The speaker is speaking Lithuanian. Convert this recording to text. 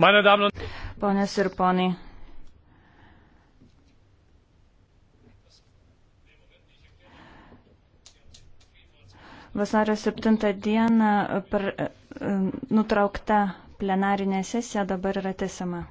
Ponės ir ponai. Vasario 7 dieną per, nutraukta plenarinė sesija dabar yra tesama.